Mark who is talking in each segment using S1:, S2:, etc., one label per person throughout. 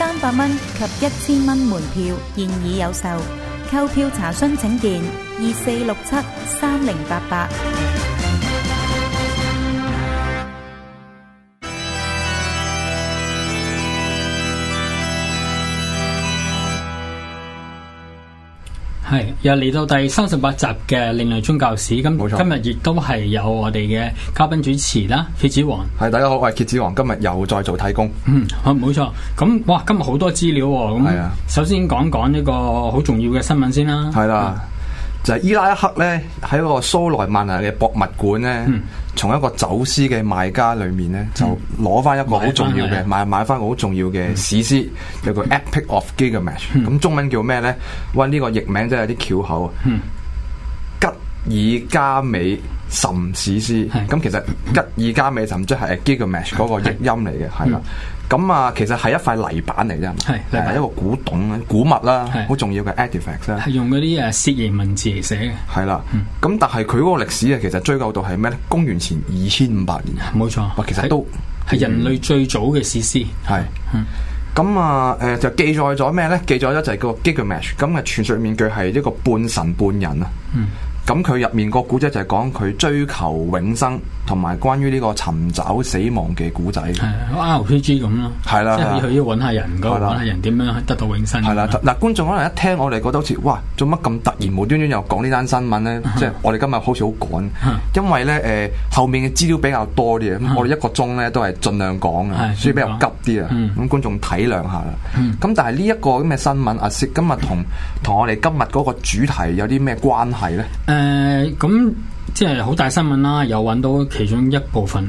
S1: 三百蚊及一千蚊門票現已有售，購票查詢請電二四六七三零八八。係，又嚟到第三十八集嘅另類宗教史咁，今，冇錯，今日亦都係有我哋嘅嘉賓主持啦，蠍子王。係，大家好，我係蠍子王，今日又再做替工。嗯，好，冇錯。咁哇，今日好多資料喎。咁的，係啊。首先講講呢個好重要嘅新聞先啦。係啦的，嗯、就係伊拉克咧喺個蘇萊曼尼嘅博物館咧。嗯從一個
S2: 走私嘅賣家裏面咧，嗯、就攞翻一個好重要嘅買買翻個好重要嘅史詩，有、嗯、個 Epic of Gilgamesh，咁中文叫咩咧？喂，呢、呢個譯名真係有啲翹口。嗯吉爾伽美什史詩，咁其實一吉爾伽美什即係《Gilgamesh》嗰個譯音嚟嘅，係啦。咁啊，其實係一塊泥板嚟啫，係一個古董、古物啦，好重要嘅 artifact 啦。係用嗰啲誒楔形文字嚟寫嘅，係啦。咁但係佢嗰個歷史啊，其實追究到係咩咧？公元前二千五百年，冇錯。其實都係人類最早嘅史詩，係。咁啊，誒就記載咗咩咧？記載咗就係個《Gilgamesh》，咁啊傳說面具係一個半神半人啊。咁佢入面個古仔就係講：“佢追求永生。同埋關於呢個尋找死亡嘅古仔，係
S1: RPG 咁咯，即係佢要揾下人，個揾下人
S2: 點樣得到永生。係啦，嗱，觀眾可能一聽我哋覺得好似哇，做乜咁突然無端端又講呢單新聞咧？即係我哋今日好似好趕，因為咧誒後面嘅資料比較多啲，咁我哋一個鐘咧都係盡量講啊，所以比較急啲啊，咁觀眾體諒下啦。咁但係呢一個咁嘅新聞啊，今日同同我哋今日嗰個主題有
S1: 啲咩關係咧？誒，咁。即係好大新聞啦，有揾到其中一部分。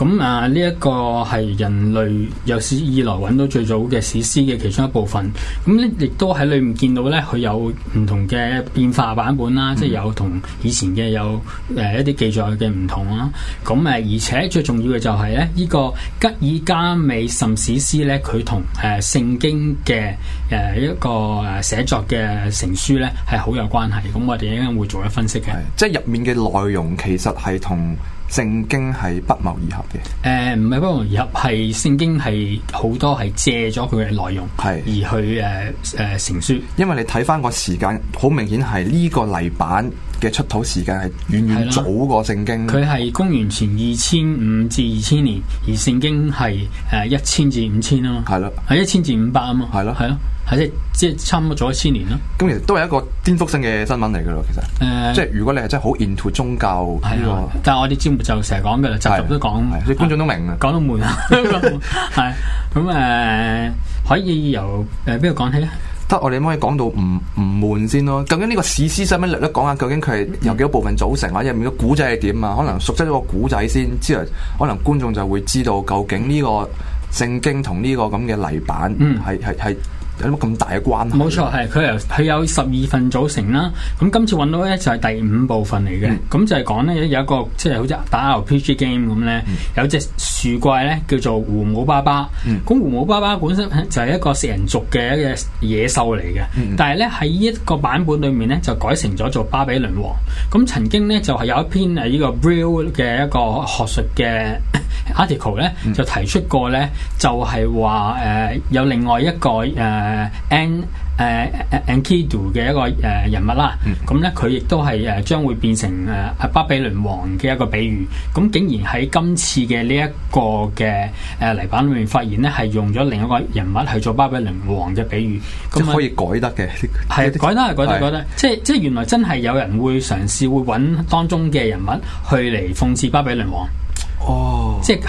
S1: 咁啊，呢一個係人類有史以來揾到最早嘅史詩嘅其中一部分。咁亦都喺裏面見到咧，佢有唔同嘅變化版本啦，嗯、即係有同以前嘅有誒、呃、一啲記載嘅唔同啦。咁、啊、誒，而且最重要嘅就係、是、咧，呢、這個吉爾伽美什史詩咧，佢同誒聖經嘅誒、呃、一個寫作嘅成書咧係好有關係。咁我哋應該會做一分析嘅。即係入面嘅內容其實係同。聖經係不謀而合嘅，誒唔係不謀而合，係聖經係好多係借咗佢嘅內容，係的而去誒誒成書。因為你睇返個時間，好明顯係呢個泥板嘅出土時間係遠遠早
S2: 過聖經。佢係
S1: 公元前二千五至二千年，而聖經係誒一千至五千啊嘛，係咯的，係一千至五百啊嘛，係咯的，係咯。係即係，即係差唔多做咗千年咯。咁其實都係一個顛覆性嘅新聞嚟噶咯，其實。誒，即係如果你係真係好 into 宗教呢，但係我哋節目就成日講嘅啦，集集都講，啲觀眾都明嘅，講到悶啊。係咁誒，可以由誒邊度講起咧？得我哋可以講到唔唔悶先咯。究竟呢個史詩
S2: 新聞略一講下，究竟佢係由幾多部分組成或者入面個古仔係點啊？可能熟悉咗個古仔先，之後可能觀眾就會知道究竟呢個聖經同呢個咁嘅泥板
S1: 係係係，有乜咁大嘅關係啊？冇錯，係佢由佢有十二份組成啦。咁今次揾到咧就係第五部分嚟嘅，咁、嗯、就係講咧有一個即係、就是、好似打 RPG game 咁咧，嗯、有隻樹怪咧叫做胡姆巴巴。咁、嗯、胡姆巴巴本身就係一個食人族嘅一個野獸嚟嘅，嗯、但係咧喺依一個版本裡面咧就改成咗做巴比倫王。咁曾經咧就係、是、有一篇誒依個 Brill 嘅一個學術嘅。 article 咧就提出過咧，就係話誒有另外一個誒 n 誒 n k d o 嘅一個誒人物啦。咁咧佢亦都係誒將會變成誒巴比倫王嘅一個比喻。咁竟然喺今次嘅呢一個嘅誒、啊、泥板裏面發現咧，係用咗另一個人物去做巴比倫王嘅比喻。咁可以改得嘅，係而改得係改得係改得。改誒即即原來真係有人會嘗試會揾當中嘅人物去嚟諷刺巴比倫王。哦，即係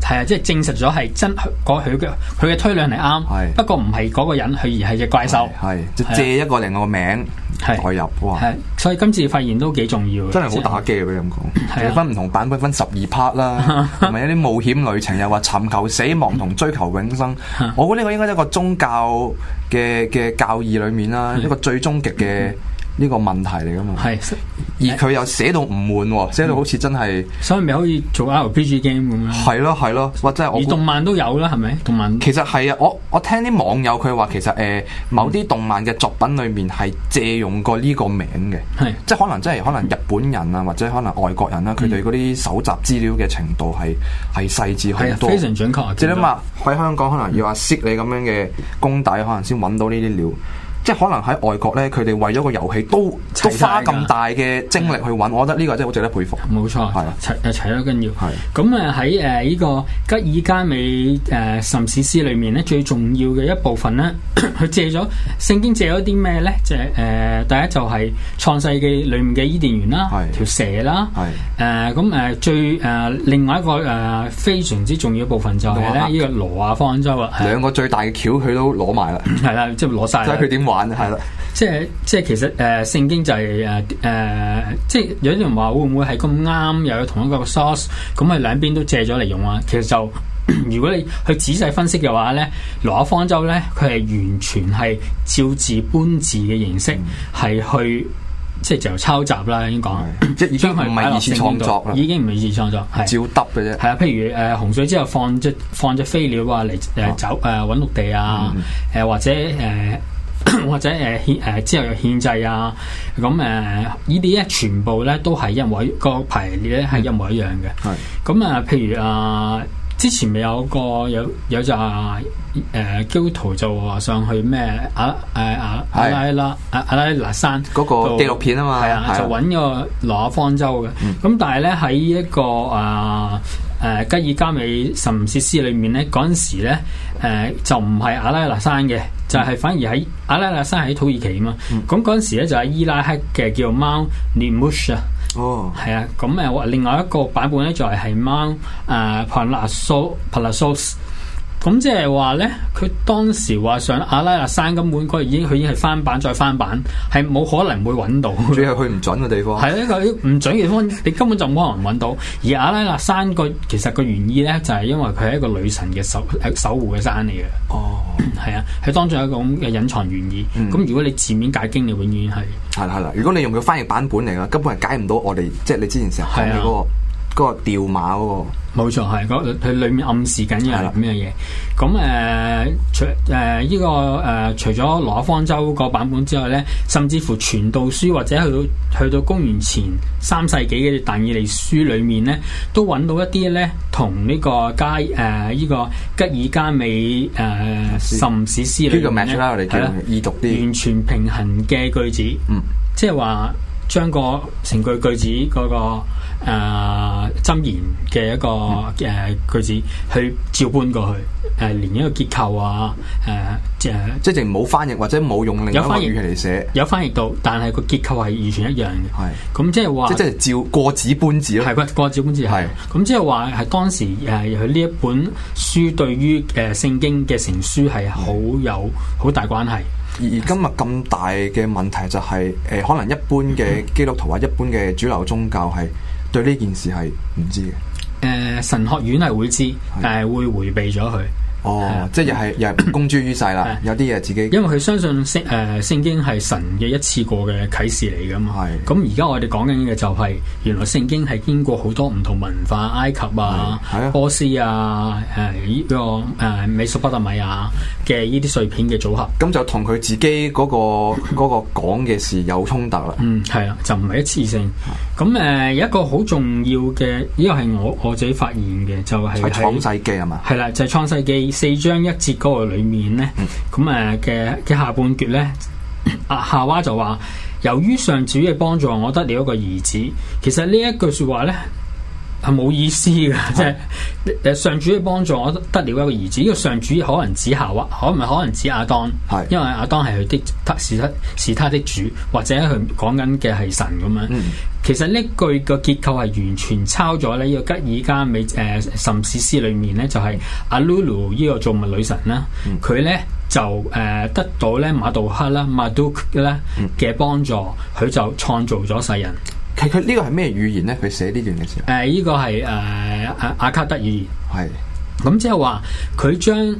S1: 係啊，即係證實咗係真嗰，佢嘅佢嘅推論係啱，係，不過唔係嗰個人，佢而係隻怪獸，係，就借一個另外個名代入，哇！係，所以今次發現都幾重要，真係好打機啊！俾你咁講，係分唔同版本，分十二 part 啦，
S2: 同埋有啲冒險旅程，又話尋求死亡同追求永生。我估呢個應該係一個宗教嘅嘅教義裏面啦，一個最終極嘅呢個問題嚟噶嘛。係。而佢又寫到唔悶，嗯、寫到好似真係，所以咪可以做 RPG game 咁樣。係咯係咯，或者係，而動
S1: 漫都有啦，係咪？同埋
S2: 其實係啊，我我聽啲網友佢話，其實誒、呃、某啲動漫嘅作品裏面係借用過呢個名嘅，係、嗯、即係可能真、就、係、是、可能日本人啊，或者可能外國人啦、啊，佢哋嗰啲搜集資料嘅程度係係細緻好多，非常
S1: 準確。即係嘛，
S2: 喺香港可能要阿、啊、Sir、嗯、你咁樣嘅功底，可能先揾到呢啲料。即係可能喺外國咧，佢哋為咗個遊戲都
S1: 花咁大嘅精力去揾，我覺得呢個真係好值得佩服。冇錯，係的齊又齊都緊要。係咁，誒喺誒呢個《吉爾伽美誒、呃、什史詩》裏面咧，最重要嘅一部分咧，佢借咗聖經借咗啲咩咧？就係誒第一就係創世記裏面嘅伊甸園啦，的條蛇啦，係誒咁誒最誒、呃、另外一個誒非常之重要嘅部分就係咧呢個羅亞方舟州啊，兩個最大嘅橋佢都攞埋啦，係啦，即係攞晒。即係佢點係咯，即係即係，其實誒，聖經就係誒誒，即係有啲人話會唔會係咁啱又有同一個 source，咁啊兩邊都借咗嚟用啊。其實就如果你去仔細分析嘅話咧，挪亞方舟咧，佢係完全係照字搬字嘅形式，係去即係就抄襲啦。已經講，即係已經唔係二次創作，已經唔係二次創作，係照得嘅啫。係啊，譬如誒洪水之後放隻放隻飛鳥啊嚟誒走誒搵陸地啊，誒或者誒。或者誒限、啊、之後有限制啊，咁誒呢啲咧全部咧都係一模個排列咧係一模一樣嘅。係咁啊，譬如啊，之前咪有個有有、啊、就誒 Guto 就話上去咩阿誒阿阿拉拉阿拉拉山嗰個紀錄片啊嘛，係啊就揾個挪亞方舟嘅。咁、嗯嗯、但係咧喺一個、呃、啊。誒、啊、吉爾伽美什史詩裏面咧，嗰陣時咧，誒、呃、就唔係阿拉那山嘅，就係、是、反而喺阿拉那山喺土耳其啊嘛。咁嗰陣時咧就係伊拉克嘅叫做 Mount Nimush 啊。哦，係啊。咁誒，另外一個版本咧就係係 Mount 誒帕拉索帕拉索斯。咁即係話咧，佢當時話上阿拉納山根本該已經佢已經係翻版再翻版，係冇可能會揾到。主要係去唔準嘅地方。係咧，佢唔準嘅地方， 你根本就冇可能揾到。而阿拉納山個其實個原意咧，就係、是、因為佢係一個女神嘅守守護嘅山嚟嘅。哦，係啊，係當中有一個咁嘅隱藏原意。咁、嗯、如果你字面解經，你永遠係係啦係啦。如果你
S2: 用佢翻譯版本嚟嘅，根本係解唔到我哋，即、就、係、是、你之前成日講個。個調馬喎，
S1: 冇錯，係佢裏面暗示緊嘅咁樣嘢。咁誒是的、呃，除誒依個誒，除咗羅方舟個版本之外咧，甚至乎傳道書或者去到去到公元前三世紀嘅但以理書裡面咧，都揾到一啲咧同呢個加誒依、呃這個吉爾伽美誒什史詩呢個 m a 啦，我哋叫易的讀啲，完全平衡嘅句子，嗯即，即係話。將個成句句子嗰、那個誒箴、呃、言嘅一個誒、呃、句子去照搬過去，誒、呃、連一個結構啊，誒、呃、即係即係冇翻譯或者冇用另一番語言嚟寫，有翻譯到，但係個結構係完全一樣嘅。係是，咁即係話即係照過字搬字咯、啊。係，過字搬字係。咁即係話係當時誒佢呢一本書對於誒聖經嘅成書係好有好是大關係。而今日咁大嘅問題就係、是，誒、呃、可能一般
S2: 嘅基督徒或一般嘅主流宗教係對呢件事係唔知嘅。誒、呃、
S1: 神學院係會知，誒是、呃、會迴避咗佢。哦，以啊、即係又係又係公諸於世啦。是有啲嘢自己因為佢相信聖誒、呃、聖經係神嘅一次過嘅啟示嚟噶嘛。係是。咁而家我哋講緊嘅就係，原來聖經係經過好多唔同文化，埃及啊，波斯是啊，誒呢個誒美索不達米亞。嘅呢啲碎片嘅組合，咁就同佢自己嗰個嗰個講嘅事有衝突啦。嗯，係啦，就唔係一次性。咁誒、嗯，有、呃、一個好重要嘅，呢個係我我自己發現嘅，就係、是、創世記係嘛？係啦，就係、是、創世記四章一節嗰個裡面咧，咁誒嘅嘅下半段咧，阿、啊、夏娃就話，由於上主嘅幫助，我得了一個兒子。其實呢一句説話咧。係冇意思嘅，哦、即係上主嘅幫助，我得了一個兒子。呢、這個上主可能指夏娃，可唔可能指亞當？係是，因為亞當係佢的，他是他是他的主，或者佢講緊嘅係神咁樣。嗯、其實呢句嘅結構係完全抄咗呢個吉爾伽美誒什、呃、史詩裏面咧，就係、是、阿魯魯呢個造物女神啦。佢咧、嗯、就誒、呃、得到咧馬杜克啦，馬杜克咧嘅、嗯、幫助，佢就創造咗世人。其實佢呢個係咩語言咧？佢寫呢段嘅字。誒、呃，呢、這個係誒阿卡德語言。係是。咁、嗯、即係話，佢將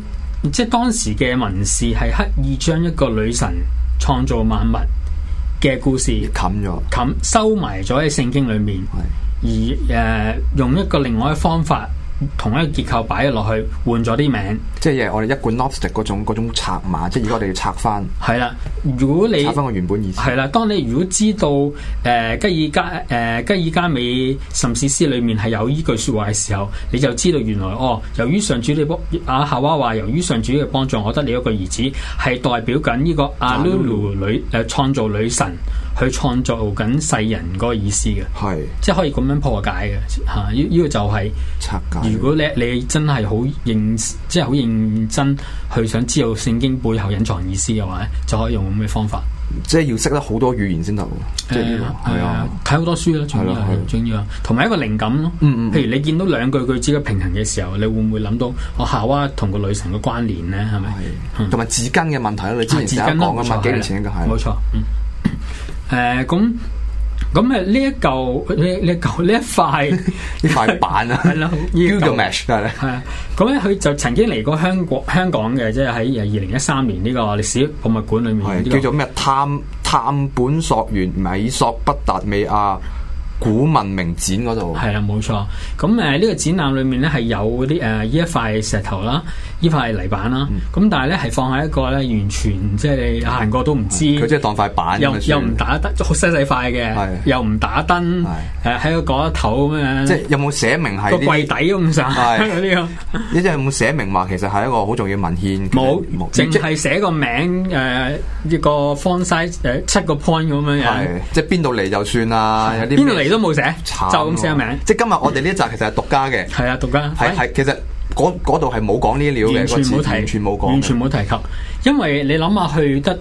S1: 即係當時嘅文士係刻意將一個女神創造萬物嘅故事冚咗、冚收埋咗喺聖經裏面，是而誒、呃、用一個另外嘅方法。同一個結構擺落去，換咗啲名即，即係我哋一管 nostic 嗰種嗰種拆碼，即係如果我哋要拆翻。係啦，如果你拆翻個原本意思，係啦。當你如果知道誒、呃、吉爾加誒吉爾伽美什史詩裏面係有呢句說話嘅時候，你就知道原來哦，由於上主你幫阿夏娃話，由於上主嘅幫助，我得你一個兒子，係代表緊呢個阿魯魯女誒創造女神。去創造緊世人嗰個意思嘅，係即係可以咁樣破解嘅吓。呢呢個就係，如果咧你真係好認，即係好認真去想知道聖經背後隱藏意思嘅話咧，就可以用咁嘅方法。即係要識得好多語言先得係啊，睇好多書啦，重要，行同埋一個靈感咯。譬如你見到兩句句之間平衡嘅時候，你會唔會諗到我夏娃同個女神嘅關聯咧？係咪？同埋紙巾嘅問題咧，之前第一講噶幾年前嘅係。冇錯。誒，咁咁誒，呢、嗯、一嚿，呢呢嚿，呢一塊，一塊板啊 Gilgamesh 啦，係啊，咁咧佢就曾經嚟過香港，香港嘅，即係喺二零一三年呢個歷史博物館裏面，是這個、叫做咩探探本溯源米索不達美亞古文明展嗰度，係啦，冇錯。咁誒，呢個展覽裏面咧係有啲誒呢一塊石頭啦。呢塊泥板啦，咁但係咧係放喺一個咧完全即係你行過都唔知，佢即係當塊板，又唔打燈，好細細塊嘅，又唔打燈，係喺個嗰一頭咁樣。即係有冇寫明係個櫃底咁散嗰啲？
S2: 呢即有冇寫明話其實係一個好重要文獻？
S1: 冇，淨係寫個名誒，呢個 font size 誒七個 point 咁樣嘅。
S2: 即係邊度嚟就算
S1: 啦，邊度嚟都冇寫，就咁寫個名。即係今日我哋呢一集其實係獨家嘅。係
S2: 啊，獨家。係其實。嗰度係冇講呢啲料嘅，完全冇提，完全冇
S1: 提及。因為你諗下去得誒呢、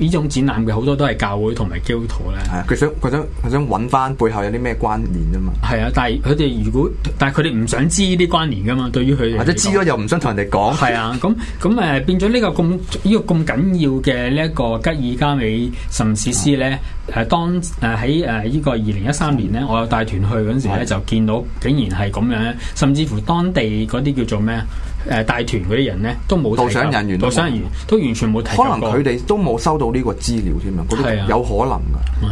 S1: 呃、種展覽嘅好多都係教會同埋教徒咧，係佢想佢想佢想揾翻背後有啲咩關聯吖嘛。係啊，但係佢哋如果但係佢哋唔想知呢啲關聯噶嘛，對於佢，這個，或者知咗又唔想同人哋講。係啊的，咁咁誒變咗呢個咁呢、這個咁緊要嘅呢一個吉爾伽美什史詩咧，誒、嗯、當誒喺誒呢個二零一三年咧，我有帶團去嗰陣時咧，嗯、就見到竟然係咁樣，甚至乎當地嗰啲叫做咩？誒，帶團嗰啲人咧都冇導賞人員，導賞人員都完全冇睇。可能佢哋都冇收到呢個資料添啊！嗰啲有可能噶。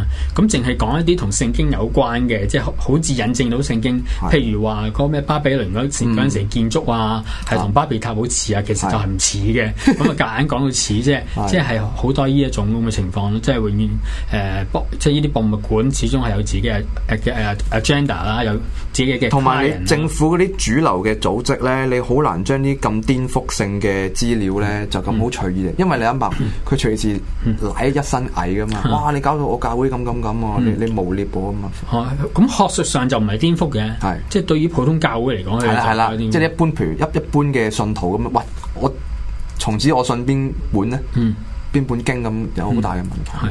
S1: 咁淨係講一啲同聖經有關嘅，即係好似引證到聖經。譬如話嗰咩巴比倫嗰陣時建築啊，係同巴別塔好似啊，其實就係唔似嘅。咁啊，夾硬講到似啫，即係好多呢一種咁嘅情況。即係永遠誒博，即係呢啲博物館始終係有自己嘅誒誒 agenda 啦，有。同埋政府嗰啲
S2: 主流嘅組織咧，你好難將啲咁顛覆性嘅資料咧，就咁好隨意，因為你諗下，佢隨時拉一身蟻噶嘛，哇！你搞到我教會咁咁咁你你無獵捕啊嘛。咁學術上就唔係顛覆嘅，係即係對於普通教會嚟講係，係啦係啦，即係一般譬如一一般嘅信徒咁，喂，我從此我信邊本咧，
S1: 邊本經咁有好大嘅問題。係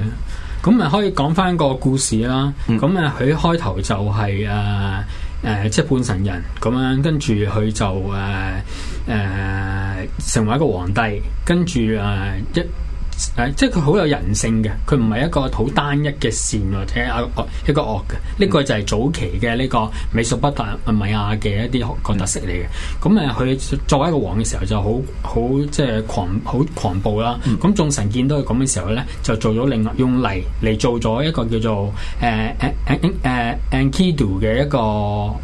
S1: 咁咪可以講翻個故事啦。咁啊，佢開頭就係誒。誒、呃，即係半神人咁樣，跟住佢就誒誒、呃呃、成為一個皇帝，跟住誒、呃，一。誒，即係佢好有人性嘅，佢唔係一個好單一嘅善或者一個惡嘅。呢、呢個就係早期嘅呢個美索不達米亞嘅一啲個特色嚟嘅。咁誒，佢作為一個王嘅時候就好好即係狂好狂暴啦。咁眾神見到佢咁嘅時候咧，就做咗另外用泥嚟做咗一個叫做誒誒誒誒恩基杜嘅一個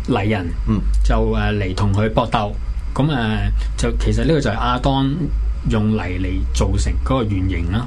S1: 泥人。嗯、呃呃，就誒嚟同佢搏鬥。咁誒就其實呢個就係阿當。用泥嚟做成嗰個圓形啦，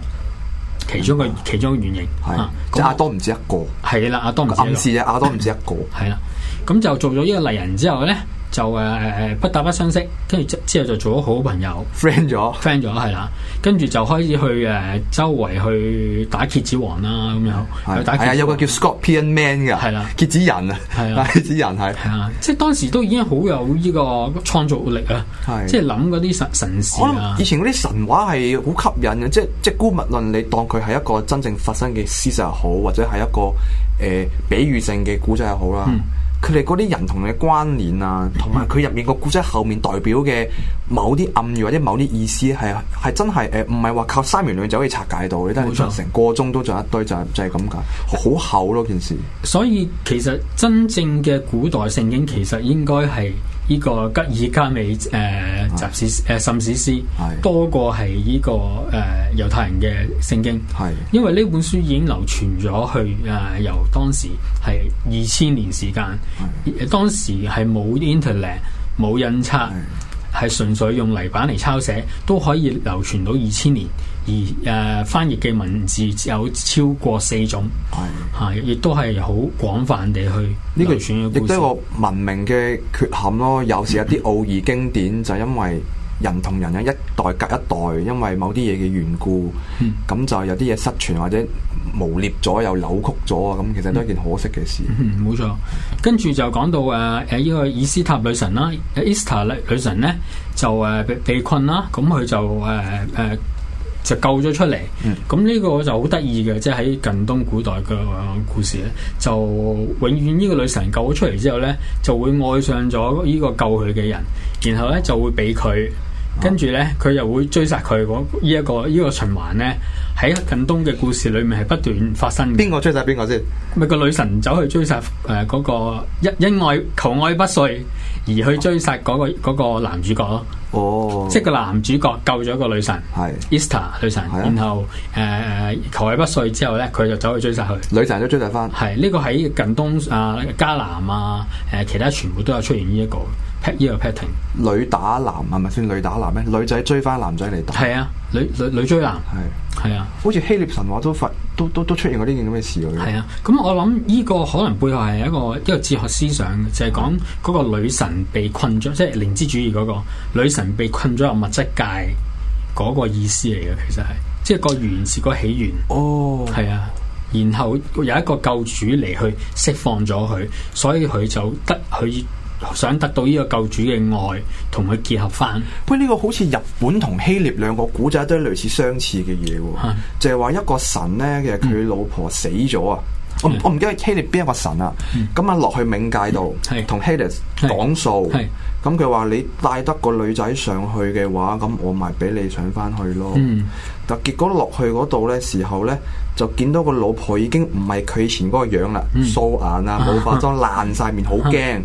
S1: 其中嘅的其中圓形，係咁的、那個、阿多唔止一個，係啦，阿多唔止暗示，阿多唔止一個，係啦，咁 就做咗呢個泥人之後咧。就誒誒誒不打不相識，跟住之後就做咗好朋友，friend 咗了，friend 咗係啦。跟住就開始去誒周圍去打蠍子王啦咁樣，係啊的，有個叫 Scorpion Man 嘅係啦，蠍的子人啊，係啊的，蠍子人係係啊，即係當時都已經好有呢個創造力啊，係的，即係諗嗰啲神神事啊。我諗以前嗰啲神話係
S2: 好吸引嘅，即係即係姑勿論，你當佢係一個真正發生嘅事實又好，或者係一個誒、呃、比喻性嘅古仔又好啦。嗯佢哋嗰啲人同嘅關聯啊，同埋佢入面個古仔後面代表嘅某啲暗語或者某啲意思，係係真係誒，唔係話靠三言兩語就可以拆解到嘅，但係你仲成個鐘都仲一堆就，就係就係咁㗎，好厚咯件事。
S1: 所以其實真正嘅古代聖經其實應該係。呢個《吉爾伽美》誒、呃《什史》誒、呃《什史詩》的，多過係呢、這個誒、呃、猶太人嘅聖經。係的因為呢本書已經流傳咗去誒、呃，由當時係二千年時間，的當時係冇 internet、冇印刷，係的純粹用泥板嚟抄寫，都可以流傳到二千年。而誒、呃、翻譯嘅文字有超過四種，係嚇的，亦、啊、都係好廣泛地去
S2: 呢個選嘅故事。亦都個文明嘅缺陷咯，有時有啲奧義經典、嗯、就因為人同人有一代隔一代，因為某啲嘢嘅緣故，咁、嗯、就有啲嘢失傳或者磨滅咗又扭曲咗啊！咁
S1: 其實都係一件可惜嘅事。冇錯、嗯嗯，跟住就講到誒誒呢個伊斯塔女神啦，伊斯塔女神咧就誒、呃、被被困啦，咁佢就誒誒。呃呃呃就救咗出嚟，嗯，咁呢個就好得意嘅，即係喺近東古代嘅故事咧，就永遠呢個女神救咗出嚟之後咧，就會愛上咗呢個救佢嘅人，然後咧就會俾佢。跟住呢，佢又會追殺佢，這個，呢一個呢個循環呢喺近東嘅故事裏面係不斷發生嘅。邊個追殺邊個先？咪個女神走去追殺誒嗰個因愛求愛不遂而去追殺嗰，那個哦、個男主角咯。哦，即係個男主角救咗個女神。Ishtar 女神。啊，然後誒、呃、求愛不遂之後呢，佢就走去追殺佢。女神都追殺返。係呢，這個喺近東啊、呃、加南啊、誒、呃、其他全部都有出現呢，這、一個。劈耶又劈停，女打男係咪算女打男咩？女仔追翻男仔嚟打係啊，女女女追男係係啊，啊好似希臘神話都發都都都出現過啲咁嘅事嘅。係啊，咁我諗呢個可能背後係一個一個哲學思想嘅，就係講嗰個女神被困咗，啊、即係靈知主義嗰、嗰個女神被困咗入物質界嗰個意思嚟嘅。其實係即係個原始個起源哦，係啊，然後有一個救主嚟去釋放咗佢，所以佢就得佢，想得到呢個救主嘅愛，同佢結合翻。喂，呢個好似日本同希臘兩個古仔都係類似
S2: 相似嘅嘢喎。就係話一個神呢，其實佢老婆死咗啊。我我唔記得希臘邊一個神啊。咁啊落去冥界度，同 Hades 講數，咁佢話你帶得個女仔上去嘅話，咁我咪俾你上翻去咯。但結果落去嗰度呢時候呢，就見到個老婆已經唔係佢以前嗰個樣啦，素顏啊，冇化妝，爛晒面，好驚。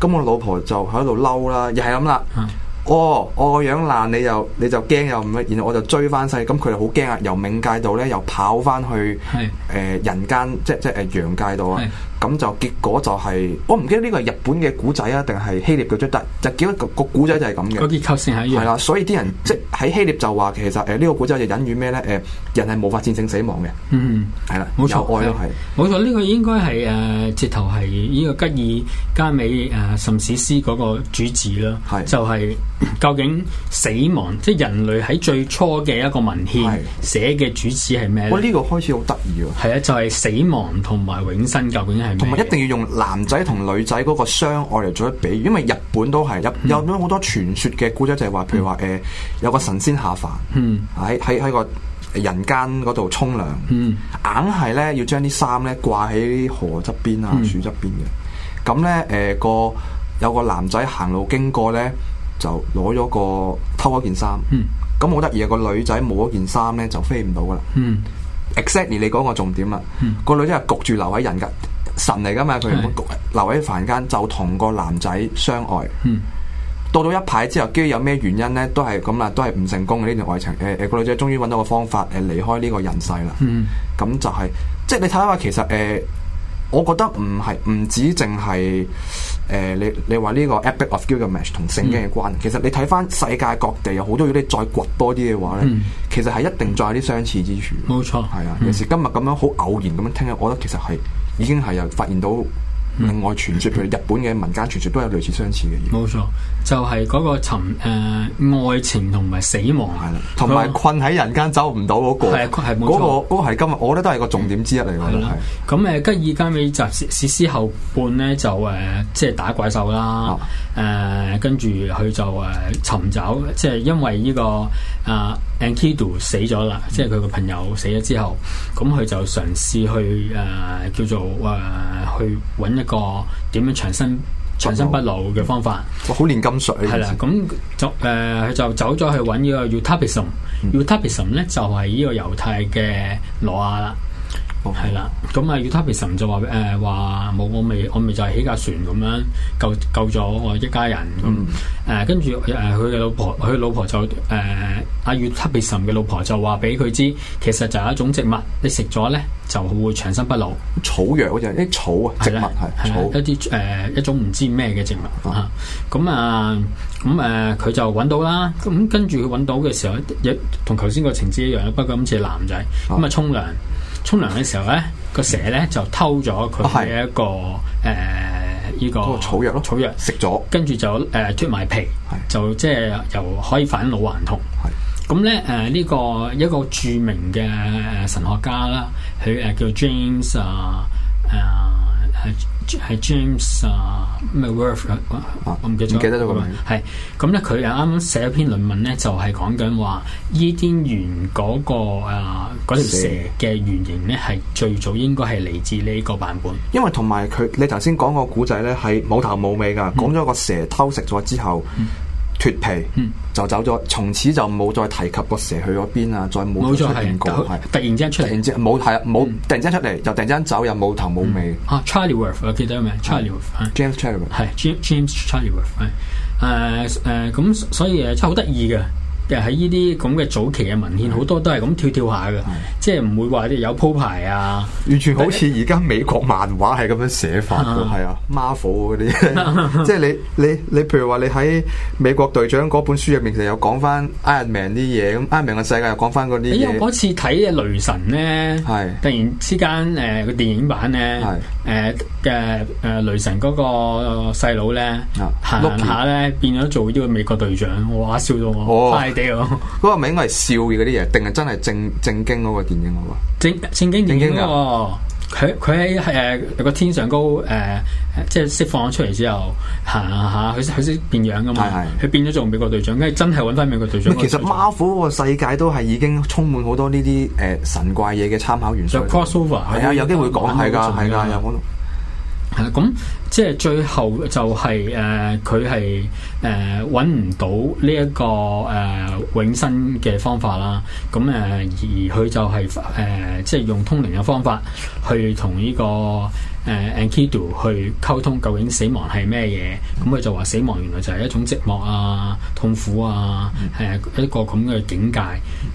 S2: 咁我老婆就喺度嬲啦，又係咁啦。
S1: 嗯、
S2: 哦，我個樣爛，你就你就驚又唔乜，然後我就追翻世。咁佢又好驚啊。由冥界度咧，又跑翻去誒是、呃、人間，即即誒陽、呃、界度是啊。咁就結果就係、是，我唔記得呢個係日本嘅古仔啊，定係希臘嘅出得，就記得個古仔就係咁嘅。個結構性係。係啦，所以啲人即係喺希臘就話其實誒呢個古仔就隱喻咩咧？誒人係無法戰勝死亡嘅。嗯，係啦的，冇錯。愛咯係，
S1: 冇錯呢、這個應該係誒直頭係呢個吉爾伽美誒什、呃、史詩嗰個主旨啦。係的，就係究竟死亡 即係人類喺最初嘅一個文獻寫嘅主旨係咩咧？呢、哦這個開始好得意喎。係啊，就係、是、死亡同埋
S2: 永生究竟係。同埋一定要用男仔同女仔嗰個相愛嚟做一比喻，因為日本都係有咗好多傳説嘅故仔，就係、是、話，譬如話誒、呃，有個神仙下凡喺喺喺個人間嗰度沖涼，硬係咧要將啲衫咧掛喺河側邊啊樹側邊嘅。咁咧誒個有個男仔行路經過咧，就攞咗個偷咗件衫。咁好得意啊！個女仔冇嗰件衫咧就飛唔到噶啦。嗯、Exactly 你講個重點啦，個、嗯、女仔係焗住留喺人噶。神嚟噶嘛？佢留喺凡間就同個男仔相愛。到咗一排之後，基於有咩原因呢？都係咁啦，都係唔成功嘅呢段愛情。誒誒，個女仔終於揾到個方法，誒離開呢個人世啦。咁就係即係你睇下，其實誒，我覺得唔係唔止淨係誒，你你話呢個《Epic of Gilgamesh》同聖經嘅關係。其實你睇翻世界各地有好多，如果你再掘多啲嘅話呢，其實係一定再有啲相似之處。冇錯，係啊。有時今日咁樣好偶然咁樣聽，我覺得其實係。已經係有發現到另外傳説，譬如日本嘅民間傳説，都有類似相似嘅嘢。
S1: 冇錯，就係、是、嗰個尋誒、呃、愛情同埋死亡，係啦，同埋、那個、困喺人間走唔到嗰個，係嗰、那個嗰、那個係今日我覺得都係個重點之一嚟㗎啦，係了。咁誒是，跟住而家尾就事事後半咧，就誒、呃、即係打怪獸啦，誒跟住佢就誒、呃、尋找，即係因為呢、這個啊。呃 Enkidu 死咗啦，即係佢個朋友死咗之後，咁佢就嘗試去誒、呃、叫做誒、呃、去揾一個點樣長生長生不老嘅方法，哦哦、好煉金術、啊，係啦的。咁、嗯、就誒佢、呃、就走咗去揾、嗯、呢個 Utopism Utopism 咧就係、是、呢個猶太嘅羅亞啦。係啦，咁啊 u t o p i 就話誒話冇我未我未就係起架船咁樣救救咗我一家人咁誒、嗯嗯啊，跟住誒佢嘅老婆佢老婆就誒、呃、阿 u t o p i 嘅老婆就話俾佢知，其實就係一種植物，嗯、你食咗咧就會長生不老。草藥嗰隻，啲、哎、草啊，植物係草，一啲誒一種唔知咩嘅植物啊。咁啊咁誒，佢、啊啊啊嗯啊啊、就搵到啦。咁跟住佢搵到嘅時候咧有同頭先個情節一樣，不過咁似男仔咁啊沖涼。嗯沖涼嘅時候咧，個蛇咧就偷咗佢嘅一個誒依、哦呃這個草藥咯，草藥食咗，了跟住就誒脱埋皮，的就即係又可以返老還童。咁咧誒呢個一個著名嘅神學家啦，佢誒叫 James 啊、呃呃、啊。係 James 啊、uh, uh,，咩 Worth 啊，我唔記得咗個名。係咁咧，佢啊啱啱寫一篇論文咧，就係講緊話伊甸園嗰個啊，嗰、uh, 條蛇嘅原型咧，係最早應該係嚟自呢個版本。
S2: 因為同埋佢，你頭先講個古仔咧，係冇頭冇尾噶，講咗個蛇偷食咗之後。嗯脫皮，嗯，就走咗，從此就冇再提及個蛇去咗邊啊！再冇出現過，突然之間出，嚟，然之冇係啊，冇突然之間出嚟，就突然之間走，又冇頭冇
S1: 尾。嗯、啊，Charlie Worth，我記得未？Charlie Worth，James Charlie，係 James James Charlie Worth，係誒咁，所以，所以誒真係，好得意嘅。喺呢啲咁嘅早期嘅文獻，好多都係咁跳跳下嘅，即係唔會話咧有鋪排啊。完全好似而
S2: 家美國漫畫係咁樣寫法，係
S1: 啊，Marvel 嗰啲，即係你你你，譬如話你
S2: 喺美國隊長嗰本書入面，其實有講翻 Iron Man 啲嘢，咁 Iron Man 個世界又講翻
S1: 嗰啲。我嗰次睇嘅雷神咧，係突然之間誒個電影版咧，誒嘅誒雷神嗰個細佬咧行下咧變咗做呢個美國隊長，哇笑到我。
S2: 嗰個名我係笑嘅嗰啲嘢，定係
S1: 真係正正經嗰個電影喎？正正經電影啊、那個！佢佢係誒有個天上高誒、呃，即係釋放咗出嚟之後，行下佢佢識變樣噶嘛？係佢是是 變咗做美國隊長，跟住真係揾翻美國隊長,隊長。其實 Marvel 個世界都係已經充滿好多呢啲誒神怪嘢嘅參考元素。有 crossover 係啊，有啲會講係㗎，係㗎有好多。咁即係最後就係、是、誒，佢係誒揾唔到呢、這、一個誒、呃、永生嘅方法啦。咁誒，而佢就係、是、誒、呃，即係用通靈嘅方法去同呢、這個。誒、啊、Enkidu 去溝通究竟死亡係咩嘢？咁、嗯、佢、嗯、就話死亡原來就係一種寂寞啊、痛苦啊，誒、啊、一個咁嘅境界。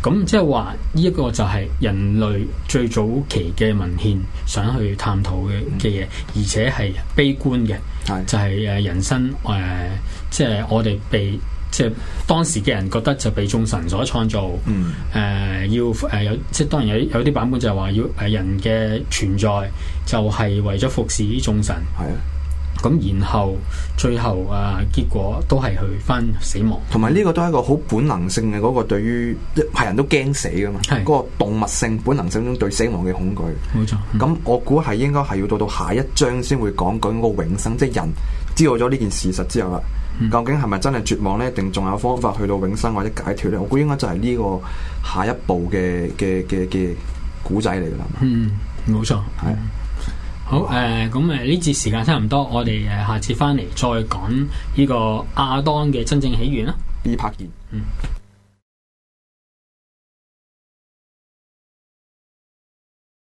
S1: 咁即係話呢一個就係人類最早期嘅文獻想去探討嘅嘅嘢，嗯、而且係悲觀嘅的、呃，就係誒人生誒，即係我哋被。即係當時嘅人覺得就被眾神所創造，誒、嗯呃、要誒有、呃，即係當然有有啲版本就係話要誒人嘅存在就係為咗服侍啲眾神，係啊、嗯，咁然後最後啊、呃、結果都係去返死亡，
S2: 同埋呢個都係一個好本能性嘅嗰個對於係人都驚死噶嘛，嗰是個動物性本能性中對死亡嘅恐懼，冇錯。咁、嗯、我估係應該係要到到下一章先會講講個永生，即係人知道咗呢件事實之後啦。嗯、究竟係咪真係絕望呢？定仲有方法去到永生或者解脱呢？我估應該就係呢個下一步嘅嘅嘅嘅古仔嚟啦。嗯，
S1: 冇錯錯，係是、嗯。好，誒、嗯，咁誒呢節時間差唔多，我哋誒下次翻嚟再講呢個亞當嘅真正起源啦。
S2: B part，嗯。